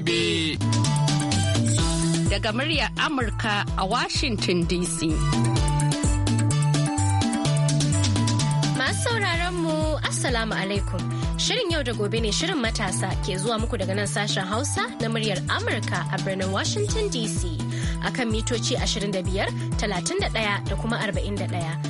gobe. Daga muryar Amurka a Washington DC. Masu sauraron mu Assalamu alaikum. Shirin yau da gobe ne shirin matasa ke zuwa muku daga nan sashen Hausa na muryar Amurka a birnin Washington DC. akan mitoci 25, 31 da kuma 41.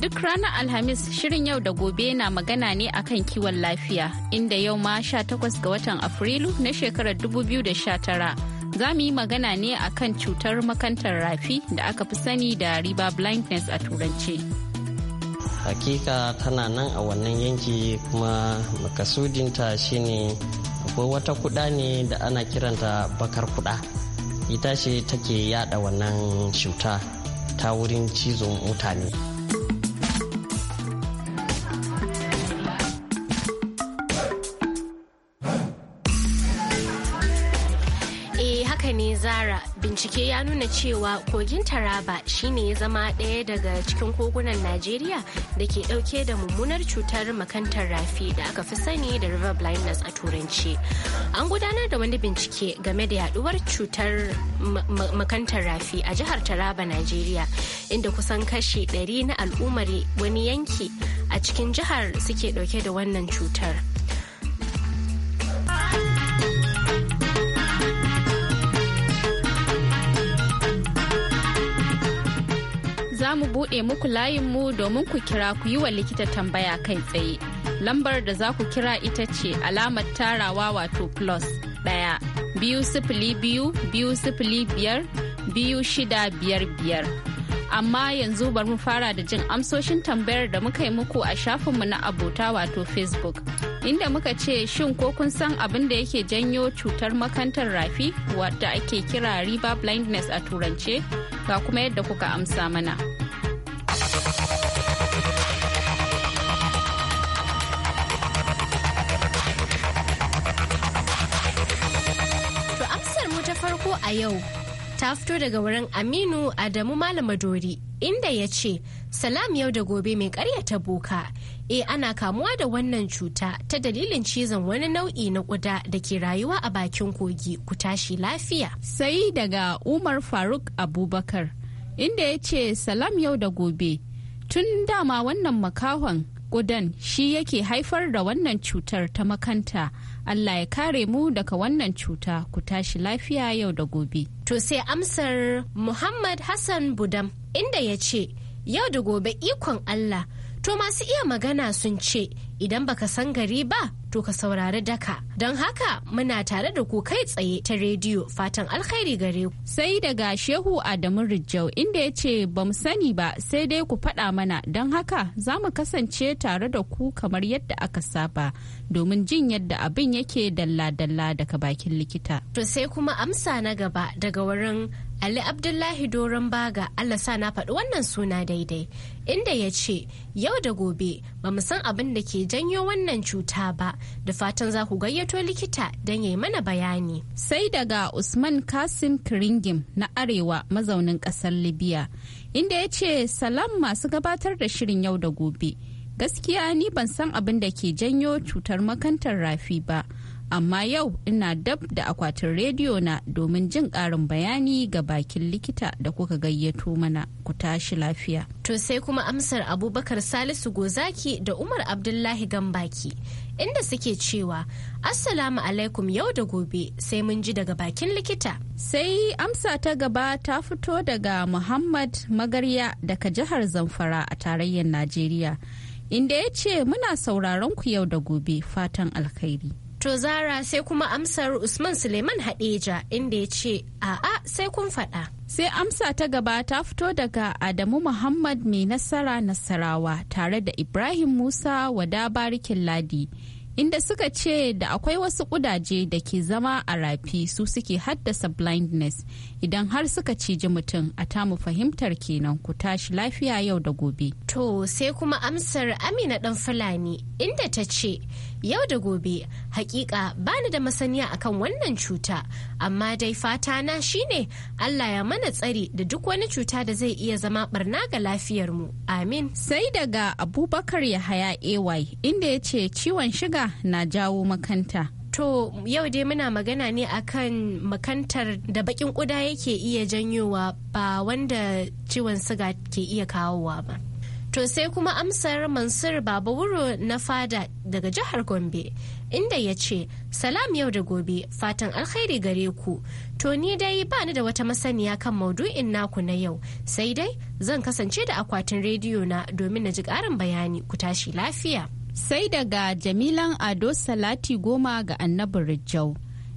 duk ranar Alhamis shirin yau da gobe na magana ne akan kiwon lafiya inda yau ma sha takwas ga watan Afrilu na shekarar da 2019 za mu yi magana ne akan cutar makantar rafi da aka fi sani da riba blindness a turanci. Hakika tana nan a wannan yanki kuma makasudinta shine akwai wata kuda ne da ana kiranta bakar kuɗa ita ce take yada wannan cuta ta wurin cizon mutane. bincike ya nuna cewa kogin taraba shine ya zama ɗaya daga cikin kogunan najeriya da ke ɗauke da mummunar cutar makantar rafi da aka fi sani da river blindness a turanci an gudanar da wani bincike game da yaduwar cutar makantar rafi a jihar taraba najeriya inda kusan kashi ɗari na al'ummar wani yanki a cikin jihar suke ɗauke da wannan cutar zamu mu buɗe muku layinmu domin ku kira ku yi wa likita tambaya kai tsaye. Lambar da za ku kira ita ce alamar tarawa wato plus ɗaya biyu sifili biyu biyu sifili biyar biyu shida biyar biyar. Amma yanzu bari mu fara da jin amsoshin tambayar da muka yi muku a shafinmu na abota wato Facebook. Inda muka ce shin ko kun san abin da yake janyo cutar makantar rafi wadda ake kira river blindness a turance ga kuma yadda kuka amsa mana. amsar mu ta farko a yau ta fito daga wurin Aminu Adamu Malama Dori inda ya ce salam yau da gobe mai karyata boka e ana kamuwa da wannan cuta ta dalilin cizon wani nau'i na kuda da ke rayuwa a bakin kogi ku tashi lafiya. Sai daga Umar Faruk Abubakar inda ya ce salam yau da gobe tun dama wannan makahon kudan shi yake haifar da wannan cutar ta makanta. Allah ya kare mu daga wannan cuta ku tashi lafiya yau da gobe. To sai amsar Muhammad Hassan Budam inda ya ce yau da gobe ikon Allah to masu iya magana sun ce idan baka san gari ba to ka saurari daka. Don haka muna tare da ku kai tsaye ta rediyo fatan alkhairi gare ku. Sai daga Shehu Adamu Rijau inda ya ce ba mu sani ba sai dai ku faɗa mana don haka za mu kasance tare da ku kamar yadda aka saba domin jin yadda abin yake dalla-dalla daga bakin likita. To sai kuma amsa na gaba daga wurin Ali Abdullahi Doron Baga Allah sa na faɗi wannan suna daidai inda ya ce yau da gobe ba mu san abin da ke janyo wannan cuta ba da fatan za ku gayyato likita don ya yi mana bayani. Sai daga Usman Kasim Kiringim na Arewa mazaunin ƙasar Libya inda ya ce salam masu gabatar da shirin yau da gobe. Gaskiya ni ban san abin da ke janyo cutar makantar rafi ba. amma yau ina dab da akwatin rediyo na domin jin ƙarin bayani ga bakin likita da kuka gayyato mana ku tashi lafiya. To sai kuma amsar Abubakar Salisu Gozaki da Umar Abdullahi Gambaki inda suke cewa Assalamu alaikum yau da gobe sai mun ji daga bakin likita. Sai amsa ta gaba ta fito daga Muhammad Magarya daga jihar Zamfara a tarayyar Najeriya. Inda ya ce muna sauraron ku yau da gobe fatan alkhairi. To Zara sai kuma amsar Usman Suleiman Hadeja inda ya ce a'a sai kun faɗa. Sai amsa ta gaba ta fito daga Adamu Muhammad mai nasara nasarawa tare da Ibrahim Musa wada barikin ladi. Inda suka ce da akwai wasu kudaje da ke zama a rafi su suke haddasa blindness idan har suka ciji mutum a tamu fahimtar kenan ku tashi lafiya yau da gobe. To sai kuma amsar Amina ɗan Fulani inda ta ce yau da gobe hakika bani da masaniya akan wannan cuta amma dai fata na shine Allah ya mana tsari da duk wani cuta da zai iya zama barna ga lafiyar mu amin sai daga abubakar yahaya ay inda ya ce ciwon shiga na jawo makanta To yau dai muna magana ne akan makantar da bakin kuda yake iya janyowa ba wanda ciwon siga ke iya kawowa ba. To sai kuma amsar Mansur Baba Wuro na fada daga jihar Gombe inda ya ce, Salam yau da gobe, fatan alkhairi gare ku. To ni dai ba ni da wata masaniya kan maudu'in naku na yau, sai dai zan kasance da akwatin rediyo na domin na ji ƙarin bayani ku tashi lafiya. Sai daga Jamilan Ado Salati goma ga annabin Rijau,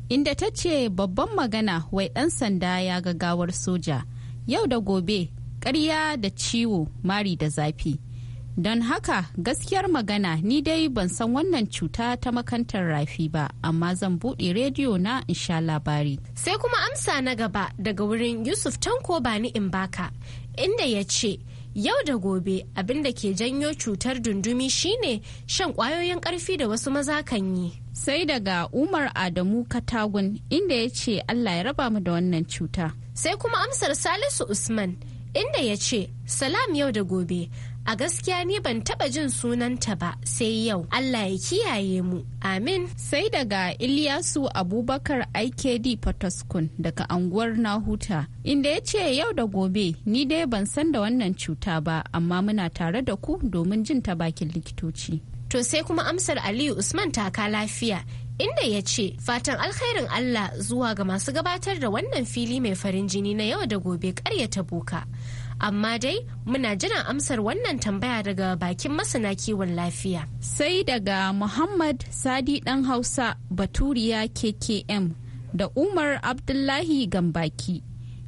inda ta ce babban magana wai ɗan sanda ya ga gawar soja. Yau da gobe ƙarya da ciwo mari da zafi don haka gaskiyar magana ni dai ban san wannan cuta ta makantar rafi ba amma zan buɗe rediyo na in sha labari sai kuma amsa na gaba daga wurin yusuf tanko bani in baka inda ya ce yau da gobe abin da ke janyo cutar dundumi shine shan ƙwayoyin ƙarfi da wasu maza kan yi sai daga umar adamu katagun inda ya ce allah ya raba mu da wannan cuta sai kuma amsar salisu usman inda ya ce salam yau da gobe a gaskiya ni ban taba jin sunanta ba sai yau Allah ya kiyaye mu amin sai daga Ilyasu Abubakar IKD Potoskun daga anguwar Nahuta inda ya ce yau da gobe ni dai ban san da wannan cuta ba amma muna tare da ku domin jin ta bakin likitoci to sai kuma amsar Aliyu Usman taka lafiya inda ya ce fatan alkhairin Allah zuwa ga masu gabatar da wannan fili mai farin jini na yau da gobe ta boka. Amma dai muna jiran amsar wannan tambaya daga bakin masana kiwon lafiya. Sai daga Muhammad Sadi dan Hausa Baturiya KKM da Umar Abdullahi Gambaki.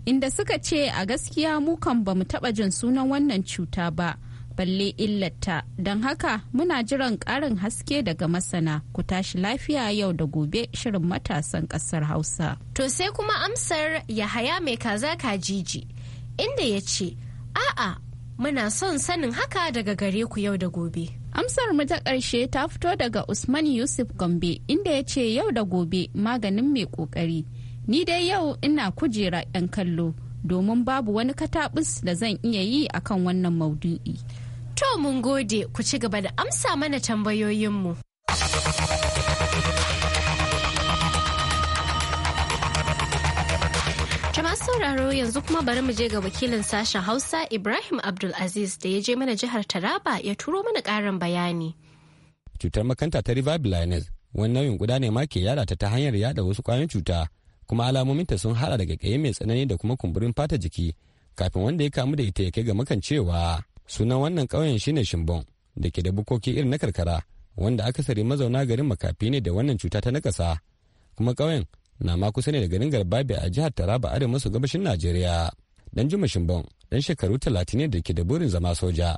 Inda suka ce a gaskiya mukan mu taɓa jin sunan wannan cuta ba. balle illata don haka muna jiran ƙarin haske daga masana ku tashi lafiya yau da gobe shirin matasan ƙasar hausa to sai kuma amsar yahaya mai kaza kajiji inda ya ce a'a muna son sanin haka daga gare ku yau da gobe amsar mu ta ƙarshe ta fito daga usman yusuf gombe inda ya ce yau da gobe maganin mai ƙoƙari ni dai yau ina kujera 'yan kallo domin babu wani katabus da zan iya yi akan wannan maudu'i. To mun gode ku ci gaba da amsa mana tambayoyinmu. Jama'a sauraro yanzu kuma bari mu je ga wakilin sashen Hausa Ibrahim Abdulaziz da ya je mana jihar Taraba ya turo mana ƙarin bayani. Cutar makanta ta Blindness wani nauyin guda ne ma ke yada ta ta hanyar yada wasu kwayoyin cuta kuma alamominta sun hada daga kaye mai tsanani da kuma kumburin fata jiki kafin wanda ya kamu da ita ya kai ga makancewa. Sunan wannan ƙauyen shine Shimbon da ke da bukoki irin na karkara wanda akasari mazauna garin makafi ne da wannan cuta ta nakasa kuma ƙauyen na ma kusa ne da garin Garbabe a jihar Taraba arewa maso gabashin Najeriya. Dan Juma Shimbon dan shekaru talatin ne da ke da burin zama soja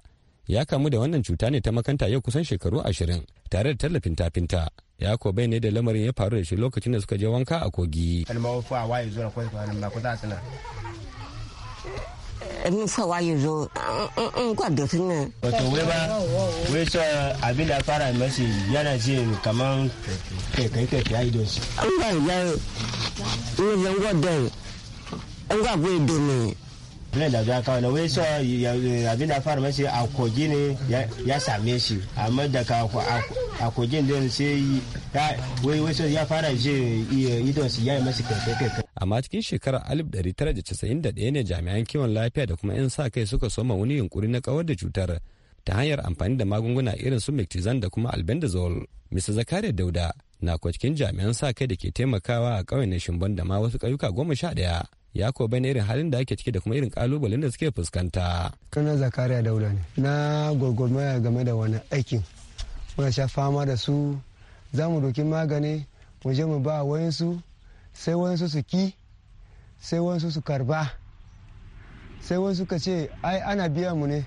ya kamu da wannan cuta ne ta makanta yau kusan shekaru ashirin tare da tallafin tafinta. ya ko bai ne da lamarin ya faru da shi lokacin da suka je wanka a kogi. nufawa mm, mm, mm, ya zo in kwa dotin nan. Wato wai ba wai so abin da fara mashi yana ji kamar kai kai kai ya yi don shi. An ba ya yi in zan gwada an gwa gwai domin. Bilin da zuwa kawai na wai so abin da fara mashi a kogi ne ya same shi amma daga a kogin don sai wai so ya fara ji idon shi ya yi mashi kai kai amma cikin shekarar 1991 ne jami'an kiwon lafiya da kuma 'yan sa kai suka soma wani yunkuri na kawar da cutar ta hanyar amfani da magunguna irin su mictizan da kuma albendazole mr zakaria dauda na kuwa cikin jami'an sa kai da ke taimakawa a ƙauyen na shimban da ma wasu ƙauyuka goma sha ɗaya ya kuwa bayan irin halin da ake ciki da kuma irin kalubalen da suke fuskanta. Kana Zakariya Dauda ne. Na gwagwarmaya game da wani aikin. Muna sha fama da su, zamu mu doki magani, mu je mu ba wayansu, sai wasu su ki sai wasu su karba sai wasu ka ce ai ana biya mu ne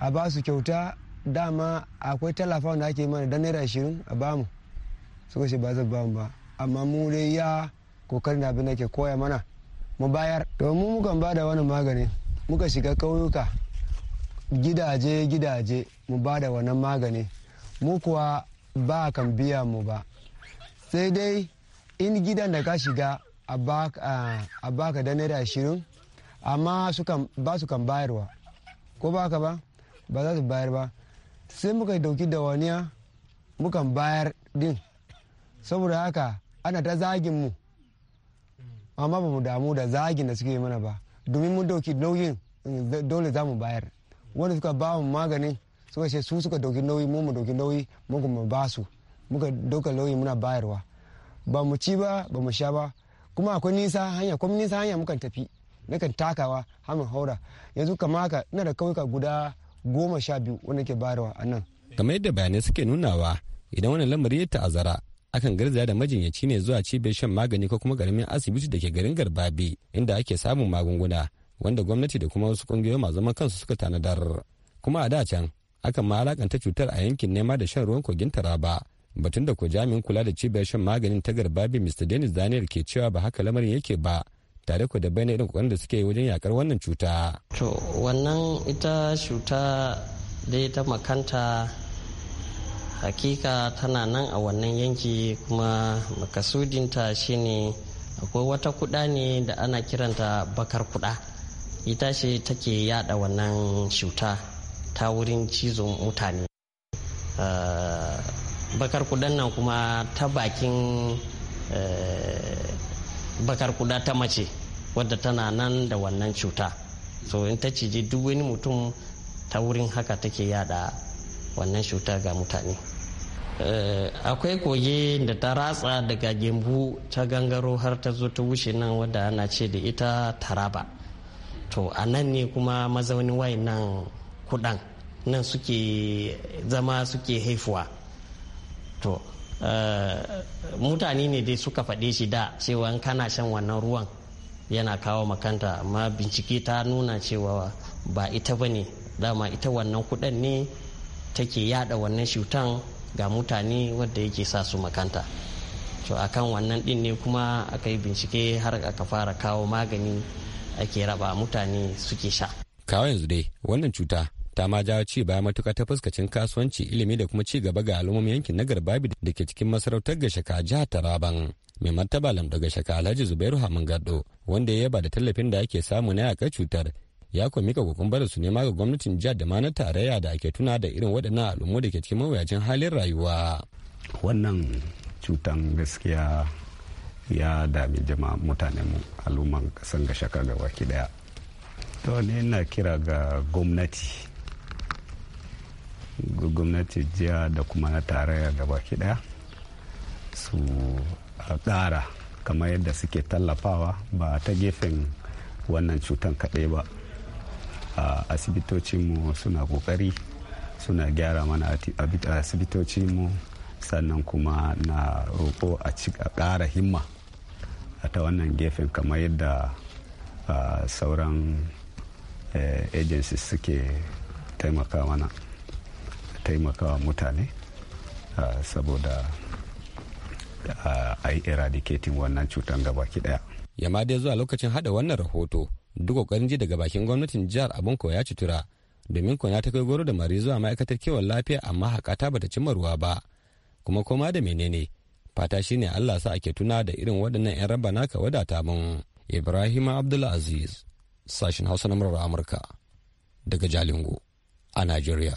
a ba su kyauta dama akwai talafa da ake mana da naira ashirin a bamu suka ce ba ba bamu ba amma mu dai ya kokarin abin da ke koya mana mu bayar to mu muka ba da wani magani muka shiga ƙauyuka gidaje gidaje mu ba da wannan magani mu kuwa ba kan biya mu ba sai dai in gidan da ka shiga a baka da naira ashirin amma ba su kan bayarwa ko ba ka ba ba za su bayar ba sai muka dauki dawaniya muka bayar din saboda haka ana ta zagin mu amma ba mu damu da zagin da suke mana ba domin mun dauki nauyin eh, dole za mu bayar wanda suka ba mu maganin suka ce su suka dauki nauyi mu mu dauki nauyi muka mu ba su muka dauka nauyi muna bayarwa ba mu ci ba ba mu sha ba kuma akwai nisa hanya kuma nisa hanya mukan tafi nakan takawa hamin haura yanzu kama haka ina da kauyuka guda goma sha biyu wanda ke bayarwa a nan. kamar yadda bayanai suke nunawa idan wani lamari ya ta'azara akan garzaya da majinyaci ne zuwa cibiyar shan magani ko kuma garamin asibiti da ke garin garbabi inda ake samun magunguna wanda gwamnati da kuma wasu kungiyoyi masu zaman kansu suka tanadar kuma a da can akan ma alakanta cutar a yankin nema da shan ruwan kogin taraba batun da ko jami'in kula da cibiyar shan maganin ta garbabi mr dennis daniel ke cewa ba haka lamarin yake ba tare ku da bayan irin kokarin da suke wajen yakar wannan cuta to wannan ita cuta dai ta makanta hakika tana nan a wannan yanki kuma makasudinta shine akwai wata kuda ne da ana kiranta bakar kuɗa ita ce take yada wannan cuta ta wurin cizon mutane ah, bakar kudan nan kuma ta bakin eh, bakar kuda ta mace wadda tana nan da wannan cuta so in ta cije duk wani mutum ta wurin haka take yada wannan cuta ga mutane eh, akwai koge da ta ratsa daga gembu ta gangaro har ta zo ta wuce nan wadda ana ce da ita taraba to a nan ne kuma mazaunin wayan nan kudan nan suke zama suke haifuwa to eh, mutane ne dai suka faɗe shi da cewa kana shan wannan ruwan yana kawo makanta amma bincike ta nuna cewa ba ita ba ne dama ita wannan kuɗin ne take yada wannan cutan ga mutane wadda yake sa su makanta to akan wannan din ne kuma aka yi bincike har aka fara kawo magani ake raba mutane suke sha kawo yanzu dai wannan cuta ta ma jawo ci baya matuka ta fuskacin kasuwanci ilimi da kuma ci gaba ga al'ummar yankin na garbabi da ke cikin masarautar gashaka jihar taraban mai martaba lamdo gashaka alhaji zubairu hamun gado wanda ya yaba da tallafin da ake samu na yakar cutar ya kuma mika kokumbarin su nema ga gwamnatin jihar da ma na tarayya da ake tuna da irin waɗannan al'ummar da ke cikin mawuyacin halin rayuwa wannan cutan gaskiya ya dami jama mutanen mu al'umman kasan gashaka gaba ki daya to ne ina kira ga gwamnati gwamnati jiya da kuma na tarayya gaba daya su ƙara kamar yadda suke tallafawa ba ta gefen wannan cutan kaɗai ba a asibitocinmu suna ƙoƙari suna gyara mana asibitocinmu sannan kuma na roƙo a ƙara himma a ta wannan gefen kamar yadda sauran eh, agencies suke taimaka mana taimakawa mutane saboda a yi eradicating wannan cutar gabaki daya yamma dai zuwa lokacin hada wannan rahoto duk kokarin ji daga bakin gwamnatin jihar abin ya tura domin kwana ta kai goro da mari zuwa ma'aikatar kiwon lafiya amma hakata bata cimma ruwa ba kuma koma da menene fata shine Allah sa ake tuna da irin waɗannan 'yan raba naka wadata mun Ibrahim Abdulaziz sashin Hausa na Amurka daga Jalingo a Najeriya.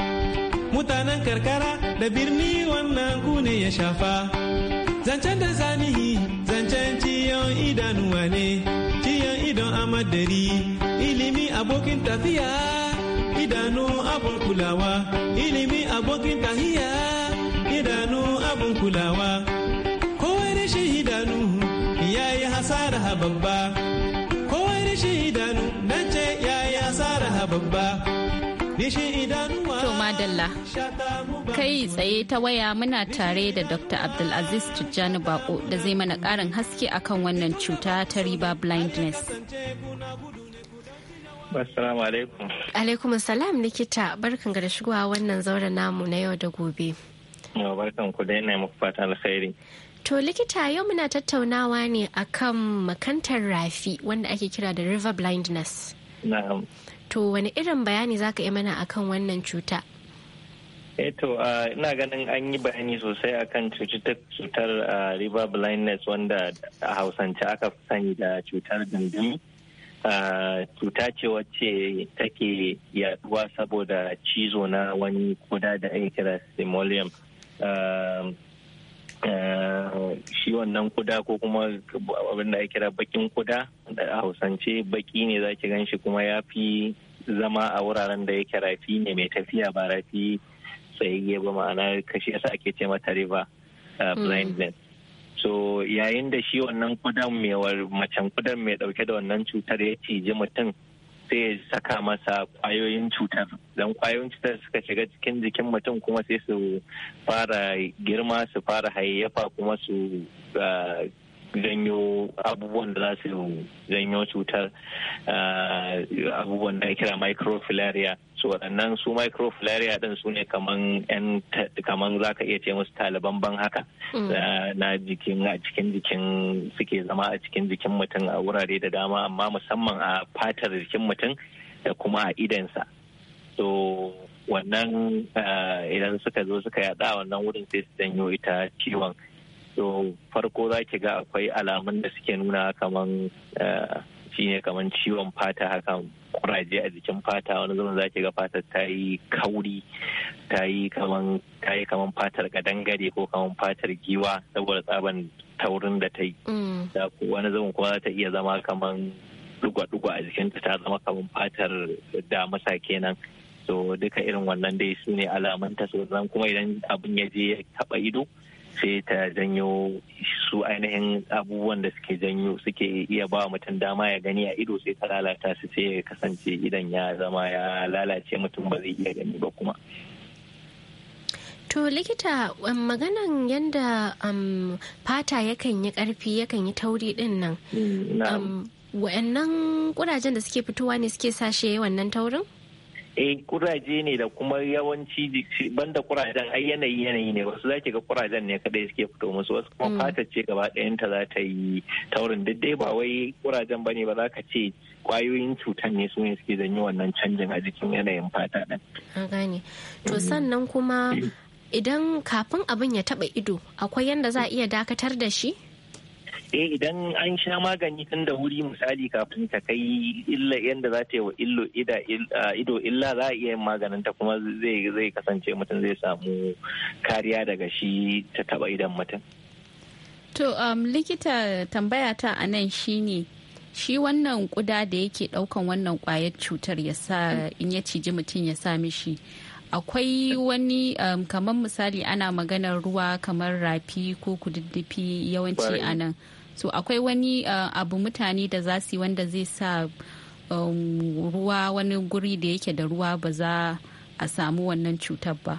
mutanen karkara da birni wannan ku ne ya shafa zancen da zanihi zancen ciyon idanuwa ne ciyon idon amadari ilimi abokin tafiya idanu abun kulawa ilimi abokin tahiya idanu abun kulawa kowai rashin idanu ya yi hasara babba kowai rashin idanu nan ce ya yi hasara babba To Madalla, kai tsaye ta waya muna tare da Dr. Abdulaziz Tijjani Bako da zai mana ƙarin haske akan wannan cuta ta riba blindness. Assalamu alaikum. Alaikum salam likita barkan da shigowa wannan zaura namu na yau da gobe. Barkan ku da yanayi muku fata alkhairi. To likita yau muna tattaunawa ne akan makantar rafi wanda ake kira da river blindness. na'am to wani irin bayani za zaka yi mana akan wannan cuta eto eh ina ganin an yi bayani sosai akan cutar river blindness wanda a hausance aka fi sani da cutar gandami cuta ce wacce take yaduwa saboda cizo na wani kuda da ake kira simoleum Eh, shi wannan kuda ko kuma abin da ya kira bakin kuda da a hausance baki ne za ki gan shi kuma ya fi zama a wuraren da yake rafi ne mai tafiya ba rafi tsayayye ba ma'ana kashi yasa ake ce mata river eh, mm. blindness so yayin da shi wannan kudan mai macen kudan mai dauke da wannan cutar ya ciji mutum sai ya saka masa kwayoyin cutar don kwayoyin cutar suka shiga cikin jikin mutum kuma sai su fara girma su fara hayayyafa kuma su ah, janyo abubuwan da za su janyo cutar ah, abubuwan da kira microfilaria su waɗannan su microfilaria ɗin su ne kaman za ka iya ce musu taliban ban haka mm. ah, na jikin a cikin jikin suke zama a cikin jikin mutum a wurare da dama amma musamman a fatar jikin mutum da kuma a idansa so wannan ah, idan suka zo suka yaɗa wannan wurin sai su janyo ita ciwon so farko za ki ga akwai alamun da suke nuna kaman eh, ne kaman ciwon fata haka kuraje a jikin fata wani zaman za ki ga fatar ta yi kauri ta yi kaman fatar kadangare ko kaman fatar giwa saboda tsaban taurin da ta yi mm. wani zaman kuma za ta iya zama kaman dugwa-dugwa a jikin ta ta zama kaman fatar damasa kenan so duka irin wannan dai su ne alamun ta so kuma idan abin ya je ya taba ido sai ta janyo su ainihin abubuwan da suke janyo suke iya ba mutum dama ya gani a ido sai ta lalata su sai ya kasance idan ya zama ya lalace mutum ba zai iya gani ba kuma To likita um, maganan yadda um, fata yakan yi karfi yakan yi tauri din nan. Mm, um, Wa'annan kurajen da suke fitowa ne suke sashe wannan taurin? eh kuraje ne da kuma yawanci banda kurajen ai yanayi yanayi ne wasu zaki ga kurajen ne kadai suke fito musu wasu kuma mm. fata ce gaba ɗayan ta za ta yi taurin daidai ba wai kurajen bane ba za ka ce kwayoyin cutan ne su ne suke janyo wannan canjin a jikin yanayin fata ɗin. an gane to sannan kuma mm. idan kafin abin ya taba ido akwai yanda za a iya dakatar da shi eh idan an sha magani tun da wuri misali kafin ta kai illa yadda za ta yi wa illo ido illa za a iya yin maganin ta kuma zai kasance mutum zai samu kariya daga shi ta taba idan mutum to um, likita tambaya ta a nan shine shi wannan kuda da yake daukan wannan kwayar cutar ya sa in ya ciji mutum ya sa mishi akwai wani um, kamar misali ana maganar ruwa kamar rafi ko kududdufi yawanci anan. nan to akwai wani uh, abu mutane da za su yi wanda zai sa um, ruwa wani guri da yake da ruwa ba za a samu wannan cutar ba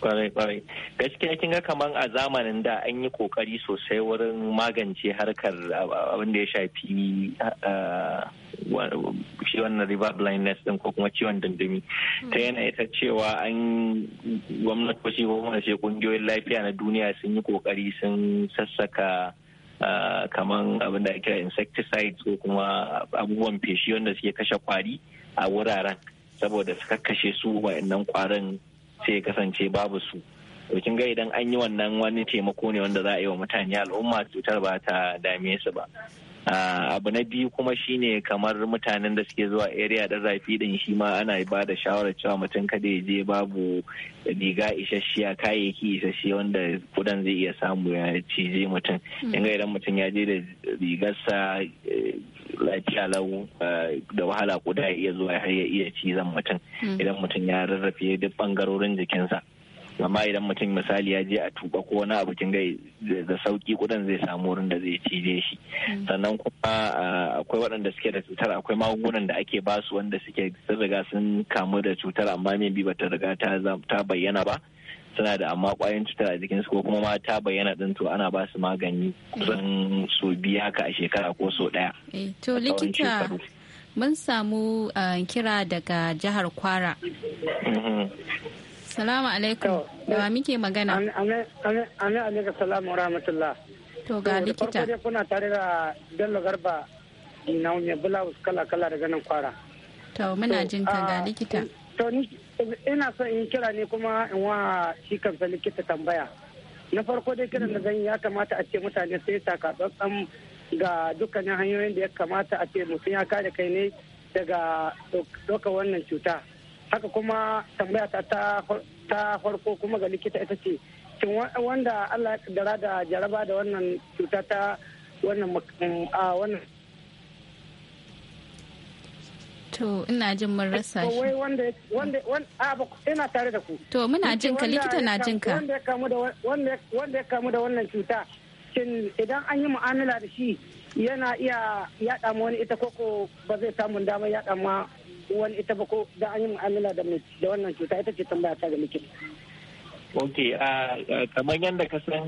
kwarai kwarai gaskiya kin ga kaman a zamanin da an yi kokari sosai wurin magance harkar uh, abin da ya shafi uh, shi wannan river blindness din ko kuma ciwon dandami ta hmm. yana ita cewa an gwamnatoci ko kuma kungiyoyin lafiya na duniya sun yi kokari sun sassaka kamar abin da ake insecticides ko kuma abubuwan feshi wanda suke kashe kwari a wuraren saboda su kakkashe su wa'annan kwarin sai kasance babu su dokin ga idan an yi wannan wani taimako ne wanda za a yi wa mutane al'umma cutar ba ta dame su ba Ah, abu na biyu kuma shine kamar mutanen da suke zuwa area da zafi din shi ma ana ba da shawarar cewa mutum kada ya je babu riga isasshiya kayayyaki isasshe wanda kudan zai iya samu ya cije mutum hmm. inga idan mutum ya je da rigarsa eh, lafiya lau ah, da wahala kuda ya iya zuwa har ya iya cizon mutum hmm. idan mutum ya rarrafe duk bangarorin jikinsa amma idan mutum misali ya je a tuba ko wani abu kin da sauki kudin zai samu wurin da zai cije shi mm. sannan kuma ah, akwai waɗanda suke da cutar akwai magungunan da ake basu wanda suke sun riga sun kamu da cutar amma me bi bata riga ta bayyana ba suna da amma kwayoyin cutar a jikinsu ko kuma ma ta bayyana din to ana ba su magani kusan su biyu haka a shekara ko so ɗaya. Eh, to likita mun samu ah, kira daga jihar kwara mm-hmm. Salamu alaikum. Da muke magana? Ana alaikum salamu wa rahmatullah. To ga likita. Da kuna tare da Bello Garba na wunye bulawus kala-kala daga nan kwara. To muna jin ka ga ah, likita. To ina so in kira ne kuma in wa shi kansa likita tambaya. Na farko dai kiran da zan ya kamata a ce mutane sai taka tsantsan ga dukkanin hanyoyin da ya kamata a ce mutum ya kare kai ne daga ɗaukar wannan cuta. haka kuma tambaya ta ta farko kuma ga likita ita ce shin wanda Allah ya kaddara da jaraba da wannan cuta ta wannan mm, a wannan To ina jin mun rasa shi. Wai wanda wanda wanda ina tare da ku. To muna jin ka likita na jin ka. Wanda ya kamu da wanda wanda ya kamu da wannan cuta kin idan an yi mu'amala da shi yana iya yada mu wani ita koko ba zai samu damar yada ma wani ita ba ko da an yi mu'amala da wannan cuta ita ce tambaya ta ga likita. ok kamar yadda ka san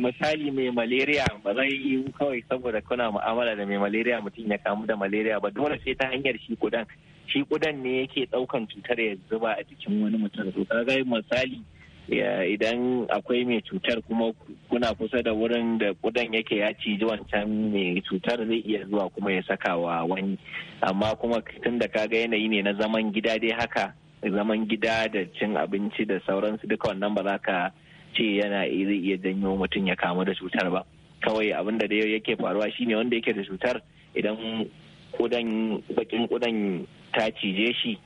misali mai malaria ba zai yi kawai saboda kuna mu'amala da mai malaria mutum ya kamu da malaria ba dole sai ta hanyar shi kudan shi kudan ne yake daukan cutar ya zuba a jikin wani mutum to ga misali idan akwai mai cutar kuma kuna kusa da wurin da kudan yake ya ciji wancan mai cutar zai iya zuwa kuma ya saka wa wani amma kuma tun da kaga yanayi ne na zaman gida dai haka zaman gida da cin abinci da sauransu duka wannan ba za ka ce yana zai iya janyo mutum ya kamu da cutar ba kawai abin da yake faruwa shine wanda yake da cutar idan kudan bakin kudan ta cije shi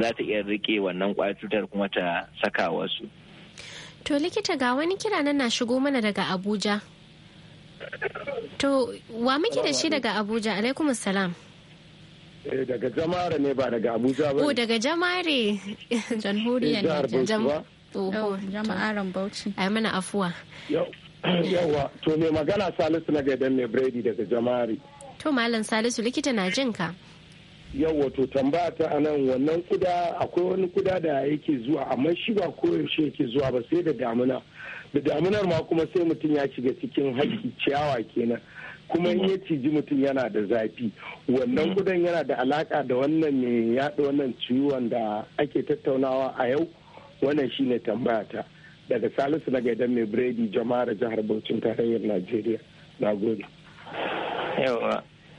za ta iya rike wannan kwayar cutar kuma ta saka wasu To likita ga wani kira nan na shigo mana daga Abuja. To wa muke da shi daga Abuja alaikum salam. Eh daga Jamare ne ba daga Abuja ba. Oh daga Jamare jamhuriyar eh, Jama'aran Bauchi. Ai mana afuwa. Yawa to me magana Salisu na gaidan ne Brady daga Jamare. To Malam Salisu likita na jinka. yau wato tambaya ta anan wannan kuda akwai wani kuda da yake zuwa amma shi ba koyaushe yake zuwa ba sai da damuna da damunar ma kuma sai mutum ya shiga cikin haƙƙi ciyawa kenan kuma in ya ciji mutum yana da zafi wannan kudan yana da alaka da wannan mai yaɗa wannan ciwon da ake tattaunawa a yau wannan shine tambaya ta daga salisu na gaidan mai biredi jama'ar jihar bauchin tarayyar najeriya na gode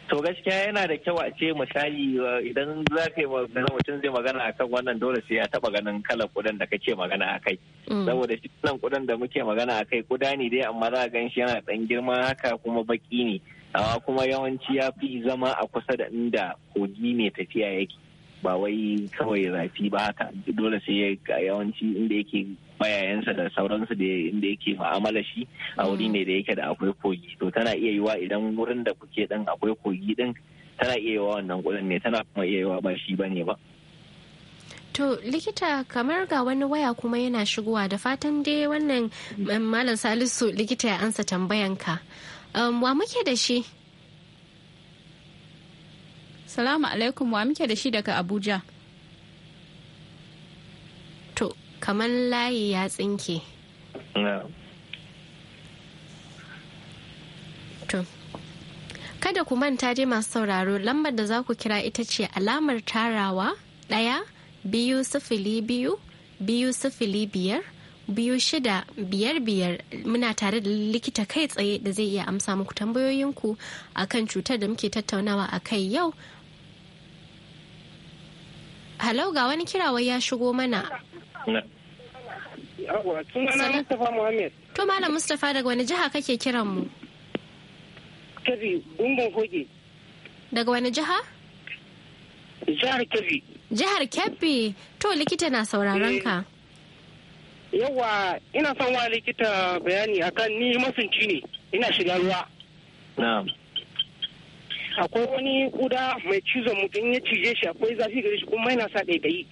to gaskiya yana da kyau a ce misali uh, idan za ka yi magana mutum zai magana akan wannan dole sai ya taba ganin kalar kudan da kake magana a kai mm. saboda shi nan kudan da muke magana a kai kuda ne dai amma za gan shi yana dan girma haka kuma baki ne amma kuma yawanci ya fi zama a kusa da inda kogi mai tafiya yake ba wai kawai zafi ba haka dole sai ya yawanci inda yake bayayensa da sauransu da inda yake ma'amala shi a wuri mm. ne da yake da akwai kogi to tana iya yiwa idan wurin da kuke din akwai kogi din tana iya yiwa wannan kudin ne tana kuma iya yiwa ba shi bane ba To likita kamar ga wani waya kuma yana shigowa da fatan dai wannan mm. malam salisu likita ya ansa tambayanka um, wa muke da shi salamu alaikum wa muke da shi daga abuja to kamar layi ya tsinke to kada ku manta dai masu sauraro lambar da za ku kira ita ce alamar tarawa ɗaya biyu sifili biyu biyu sifili biyar biyu shida biyar biyar muna tare da likita kai tsaye da zai iya amsa muku tambayoyinku akan cutar da muke tattaunawa a kai yau hello ga wani kirawai ya shigo mana Tumana Mustapha To Malam Mustapha daga wani jiha kake kiran mu? Kebbi, Gungun Koge. Daga wani jiha? Jihar Kebbi. Jihar Kebbi. To likita na sauraron ka. Yawwa, ina son wa likita bayani akan ni masunci ne ina shiga ruwa. Na'am. akwai wani kuda mai cizon mutum ya cije shi akwai zafi gare shi kuma yana sa ɗaiɗayi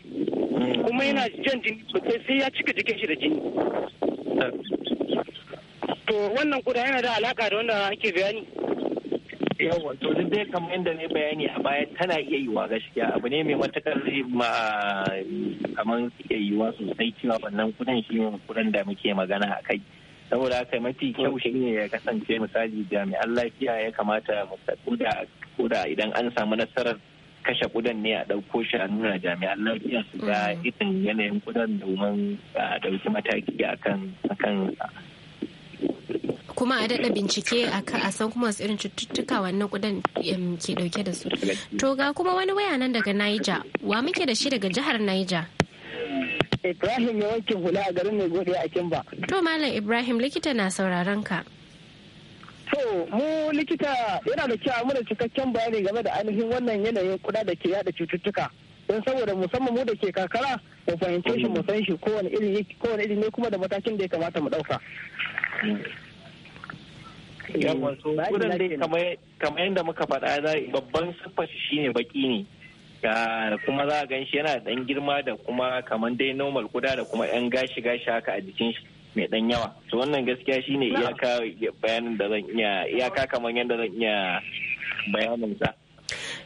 kuma yana jan jini sosai sai ya cika jikin shi da jini to wannan kuda yana da alaka da wanda ake bayani yawa to duk dai kamar yadda ne bayani a baya tana iya yiwa gaskiya abu ne mai matakar ma kamar iya yiwa sosai cewa wannan kudan shi ne kudan da muke magana a kai saboda haka mafi kyau shi ne ya kasance misali jami'an lafiya ya kamata mu da koda idan an samu nasarar kashe kudan ne a ɗauko shi a nuna jami'an lafiya su ga mm. itin yanayin kudan domin a ɗauki mataki akan akan kuma a daɗa bincike a san kuma wasu irin cututtuka wannan kudan ke ɗauke da su to ga kuma wani waya nan daga naija wa muke da shi daga jihar naija ibrahim yawancin hula a garin mai gode a kimba to malam ibrahim likita na sauraron ka To mu likita yana da kyau muna cikakken bayani game da ainihin wannan yanayin kuda da ke yada cututtuka. Don saboda musamman mu da ke kakara mu fahimce shi mu san shi kowane iri kowane irin ne kuma da matakin da ya kamata mu dauka. Yawwa su dai kamar yadda muka faɗa babban siffar shine baki ne. kuma za a gan shi yana dan ɗan girma da kuma kamar dai normal kuda da kuma 'yan gashi gashi haka a jikin shi. mai dan yawa to wannan gaskiya shine iyaka bayanin da zan iya iyaka kamar yadda zan iya bayanin sa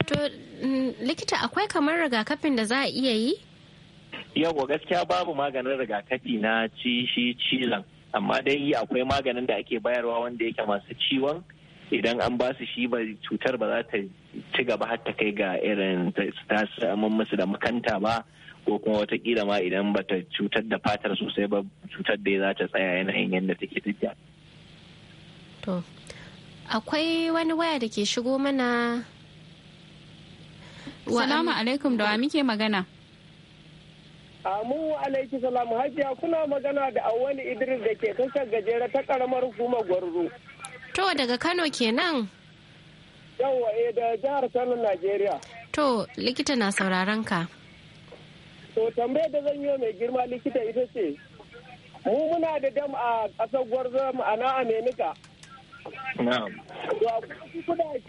to mm, likita akwai kamar rigakafin da za a iya yi yawa gaskiya babu maganin rigakafi na ci cizon amma dai akwai maganin da ake bayarwa wanda yake masu ciwon idan an ba su shi ba cutar ba za ta ci gaba har ta kai ga irin ta samun musu da makanta ba ko kuma watakila ma idan ba ta cutar da fatar sosai ba cutar da za ta tsaya yanayin yadda take tafiya. akwai wani waya da ke shigo mana. Salamu alaikum da wa muke magana. Amu ah, alaiki salam hajiya kuna magana da awali Idris da ke kasar gajera ta karamar hukumar gwarzo. To daga Kano kenan. Yawwa eh da jihar Kano Najeriya. To likita na sauraron ka. To tambayar da zan yi mai girma likita ita ce, mu muna da dam a ƙasar gwarzon a na Na'am. To a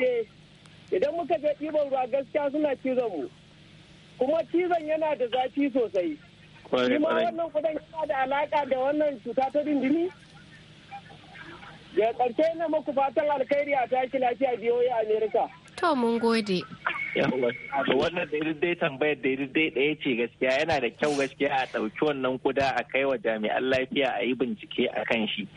idan muka je ɗiban ruwa gaskiya suna cizon mu. Kuma cizon yana da zafi sosai. Kuma wannan kudan yana da alaƙa da wannan cuta ta dindini? Da ƙarshe na maku fatan alkhairi a taki lafiya biyoyi Amerika. To mun gode. wannan daidai tambayar da ɗaya ce gaskiya yana da kyau gaskiya a ɗauki wannan kuda a kai wa jami'an lafiya a yi bincike a kan shi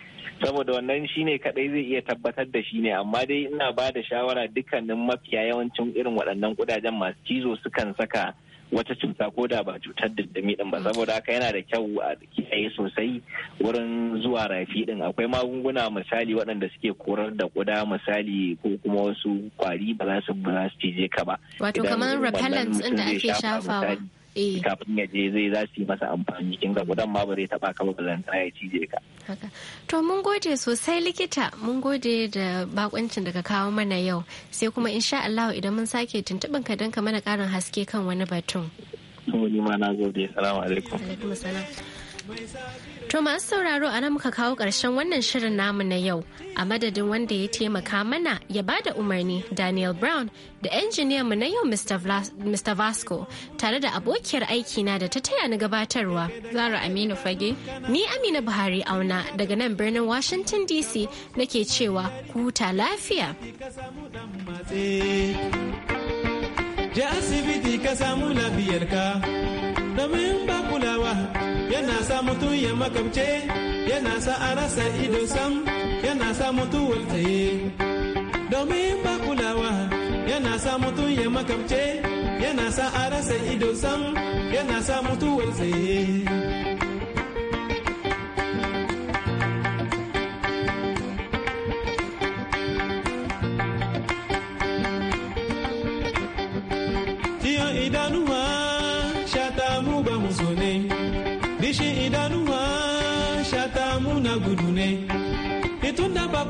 saboda wannan shi ne kaɗai zai iya tabbatar da shi ne amma dai ina ba da shawara dukkanin mafiya yawancin irin waɗannan kudajen masu cizo sukan saka wata cuta ko da ba cutar dindimi din ba saboda haka yana da kyau a kiyaye sosai wurin zuwa rafi din akwai magunguna misali waɗanda suke korar da kuda misali ko kuma wasu kwari ba za su ba za su cije ka ba wato kamar repellent din da ake shafawa Eh. kafin ya je zai za su yi masa amfani kin ga gudan ma ba zai taba ka ba ya cije ka haka to mun gode sosai likita mun gode da bakuncin da ka kawo mana yau sai kuma insha Allah idan mun sake tuntuɓin ka don ka mana karin haske kan wani batun. Ni ma na gode. Assalamu alaikum. Alaikum salam. To masu sauraro a nan muka kawo ƙarshen wannan shirin namu na yau a madadin wanda ya taimaka mana ya ba da umarni Daniel Brown da mu na yau Mr. Vasco tare da abokiyar aikina da ta taya ni gabatarwa. Zara Aminu Fage. Ni Amina Buhari auna daga nan birnin Washington DC nake cewa huta lafiya. Je asibiti ka samu lafiyarka domin ba kulawa. yana sa mutum ya makamce yana sa a rasa ido sam yana sa mutum waltaye domin ba kulawa yana sa mutum ya makamce yana sa a rasa ido sam yana sa mutum waltaye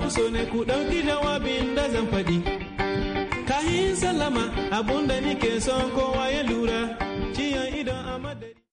ku so ne ku ɗauki jawabin da zan faɗi. Kahin sallama abun da nike son kowa ya lura, ciyon idon a madadi.